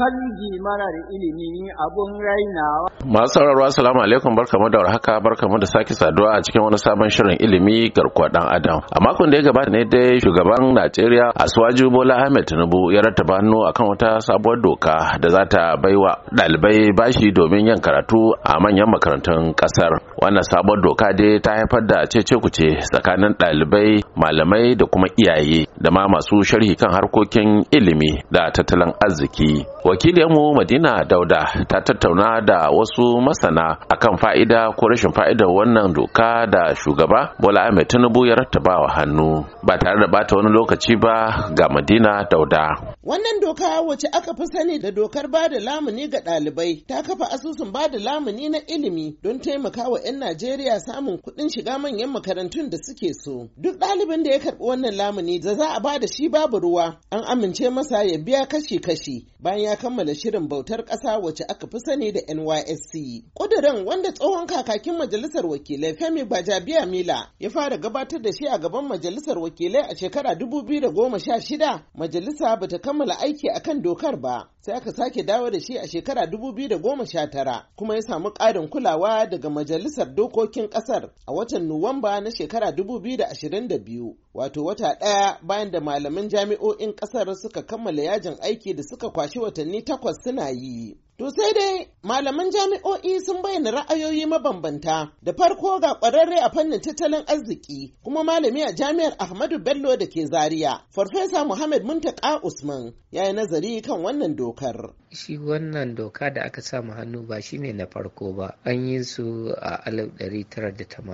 kanji mana da ilimi abun rainawa. Masu sauraro assalamu alaikum barkamu da warhaka barkamu da sake saduwa a cikin wani sabon shirin ilimi garkuwa dan adam. A makon da ya gabata ne dai shugaban Najeriya Asuwaju Bola Ahmed Tinubu ya rattaba hannu akan wata sabuwar doka da za ta baiwa ɗalibai bashi domin yin karatu a manyan makarantun ƙasar. Wannan sabuwar doka dai ta haifar da cece-kuce tsakanin ɗalibai, malamai da kuma iyaye da ma masu sharhi kan harkokin ilimi da tattalin arziki Wakilinmu madina dauda ta tattauna da wasu masana akan fa'ida ko rashin fa'idar wannan doka da shugaba bola ahmed tinubu ya rattaba wa hannu ba tare da bata wani lokaci ba ga madina dauda wannan doka wacce aka fi sani da dokar ba da lamuni ga ɗalibai ta kafa asusun ba da lamuni na ilimi don taimaka wa 'yan najeriya samun kuɗin shiga manyan makarantun da suke so duk ɗalibin da ya karɓi wannan lamuni da za a ba da shi babu ruwa an amince masa ya biya kashi-kashi bayan ya kammala shirin bautar ƙasa wacce aka fi sani da NYSC. Ƙudurin wanda tsohon kakakin majalisar wakilai Femi Bajabiya Mila ya fara gabatar da shi a gaban majalisar wakilai a shekara 2016 majalisa ba ta kammala aiki a kan dokar ba sai aka sake dawo da shi a shekara 2019 kuma ya samu ƙarin kulawa daga majalisar dokokin ƙasar a watan Nuwamba na shekara 2022. wato wata ɗaya bayan da malaman jami'o'in ƙasar suka kammala yajin aiki da suka kwashi watanni takwas suna yi. To sai dai malaman jami'o'i sun bayyana ra'ayoyi mabambanta da farko ga kwararre a fannin tattalin arziki kuma malami a jami'ar Ahmadu Bello da ke Zaria. Farfesa Muhammad Muntaka Usman ya yi nazari kan wannan dokar. Shi wannan doka da aka sa mu hannu ba shi ne na farko ba. An yi su a 1980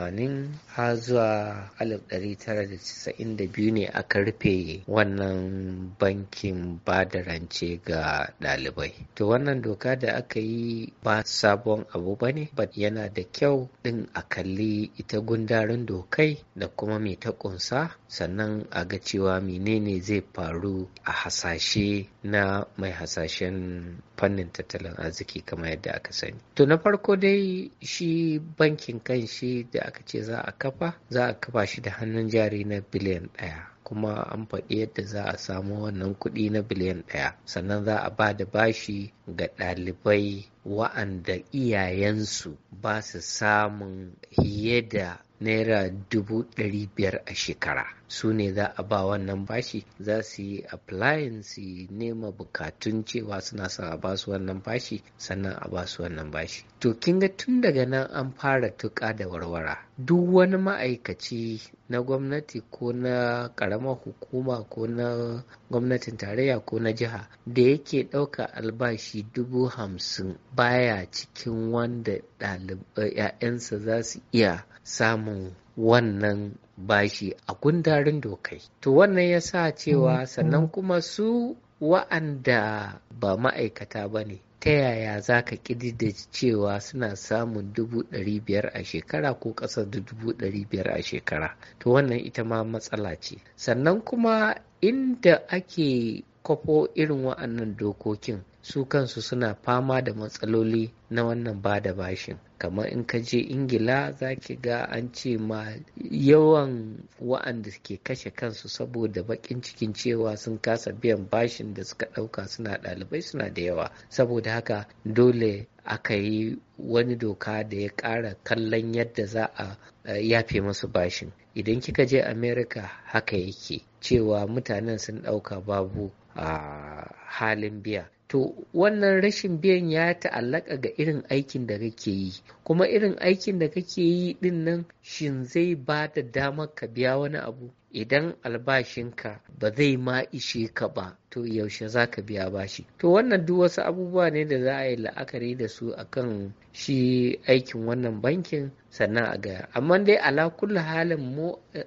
har zuwa 1992 ne aka rufe wannan bankin ba da rance ga ɗalibai. To wannan doka da aka yi ba sabon abu ba ne ba yana da kyau ɗin a kalli ita gundarin dokai da kuma mai ta ƙunsa sannan a ga cewa menene zai faru a hasashe na mai hasashen fannin tattalin arziki kamar yadda aka sani to na farko dai shi bankin kan shi da aka ce za a kafa za a kafa shi da hannun jari na biliyan ɗaya kuma an faɗi yadda za a samu wannan kuɗi na biliyan ɗaya sannan za a ba da bashi ga ɗalibai wa'anda iyayensu ba su samun fiye da naira dubu ɗari biyar a shekara su ne za a ba wannan bashi za su yi applying su nema bukatun cewa suna sa a basu wannan bashi sannan a basu wannan bashi to kin ga tun daga nan an fara tuka da warwara duk wani ma'aikaci na gwamnati ko na ƙaramar hukuma ko na gwamnatin tarayya ko na jiha da yake ɗauka albashi dubu hamsin baya cikin wanda ɗalibai 'ya'yansa za su iya samun wannan bashi a gundarin dokai to wannan ya sa cewa mm-hmm. sannan kuma su wa'anda ba ma'aikata ba ne ta yaya za ka da cewa suna samun dubu ɗari biyar a shekara ko ƙasa da dubu ɗari biyar a shekara to wannan ita ma matsala ce sannan kuma inda ake kwafo irin wa'annan dokokin su kansu suna fama da matsaloli na wannan ba da bashin kamar in ka je ingila za ki ga an ce ma yawan wa'anda ke kashe kansu saboda bakin cikin cewa sun kasa biyan bashin da suka ɗauka suna ɗalibai suna da yawa saboda haka dole aka yi wani doka da ya ƙara kallon yadda za a yafe masu bashin idan kika je Amerika haka yake cewa mutanen sun ɗauka babu a halin biya to wannan rashin biyan ya ta'allaka ga irin aikin da kake yi kuma irin aikin da kake yi din nan shin zai ba da damar ka biya wani abu idan albashinka ba zai ma ishe ka ba to yaushe za ka biya bashi to wannan duk wasu abubuwa ne da za a yi la'akari da su akan shi aikin wannan bankin sannan a gaya amma dai ala kulla halin mu eh,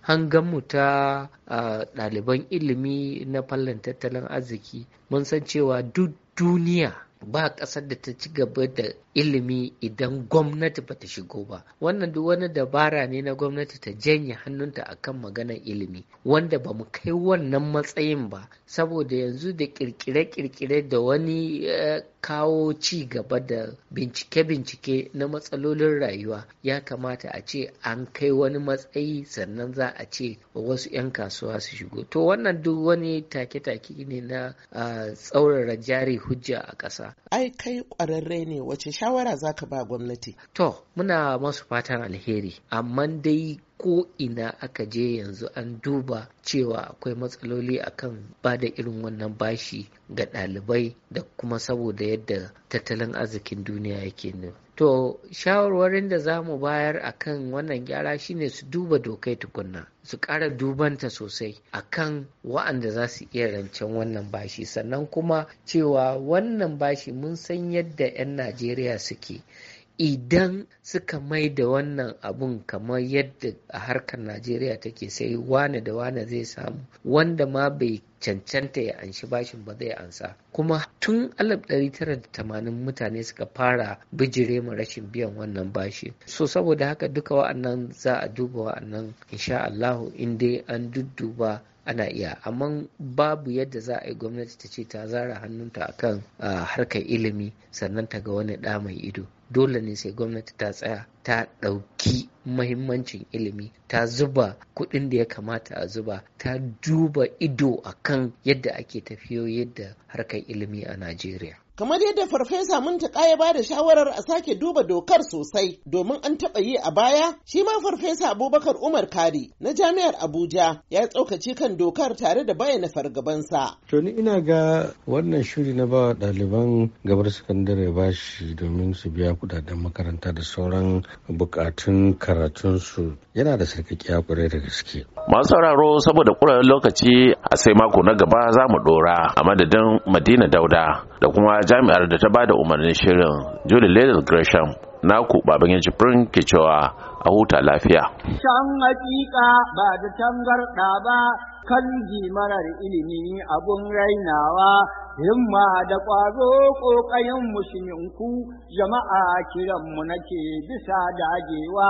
hanganmu ta ɗaliban ilimi na fallon tattalin arziki mun san cewa duk duniya ba ƙasar da ta ci gaba da ilimi idan gwamnati ba ta shigo ba wannan duk wani dabara ne na gwamnati ta janye hannunta akan maganar ilimi wanda ba mu kai wannan matsayin ba saboda yanzu da kirkire-kirkire da wani eh, kawo ci gaba da bincike-bincike na matsalolin rayuwa ya kamata a ce an kai wani matsayi sannan za a ce wasu 'yan kasuwa su shigo to wannan duk wani take-take ne na tsaurara jari hujja a ƙasa ai kai ƙwararre ne wace shawara za ka ba gwamnati to muna masu fatan alheri amma dai ko ina aka je yanzu an duba cewa akwai matsaloli akan ba da irin wannan bashi ga ɗalibai da kuma saboda yadda tattalin arzikin duniya yake nan to shawarwarin da za mu bayar a kan wannan gyara shine su duba dokai tukunna su ƙara dubanta sosai a kan wa'anda za su iya rancen wannan bashi sannan kuma cewa wannan bashi mun san yadda 'yan najeriya suke idan suka mai da wannan abun kamar yadda a harkar najeriya take sai wane da wane zai samu wanda ma bai cancanta ya anshi bashin ba zai ansa kuma tun 1980 mutane suka fara bijire mu rashin biyan wannan bashi so saboda haka duka wa'annan za a duba wa'annan insha Allahu in dai an dudduba ana iya amma babu yadda za a yi gwamnati ta ce ta zara hannunta a kan harkar ilimi sannan ta ga wani ɗa mai ido dole ne sai gwamnati ta tsaya ta ɗauki mahimmancin ilimi ta zuba kuɗin da ya kamata a zuba ta duba ido a kan yadda ake tafiyo yadda harkar ilimi a najeriya kamar yadda farfesa muntaka ya ba da shawarar a sake duba dokar sosai domin an taɓa yi a baya shi ma farfesa abubakar umar kari na jami'ar abuja ya tsokaci kan dokar tare da bayyana fargabansa to ni ina ga wannan shiri na bawa ɗaliban gabar sakandare ba shi domin su biya kudaden makaranta da sauran bukatun karatunsu yana da sarkakiya kwarai da gaske masu sauraro saboda kuren lokaci a sai mako na gaba za mu dora a madadin madina dauda da kuma jami'ar da ta ba da umarnin shirin julie ladies gresham na ku baban yanci ke cewa a huta lafiya can hakika ba da tangarɗa ba kan marar ilimi abun rainawa himma da ƙwazo ƙoƙayen musulminku jama'a kiranmu nake bisa dagewa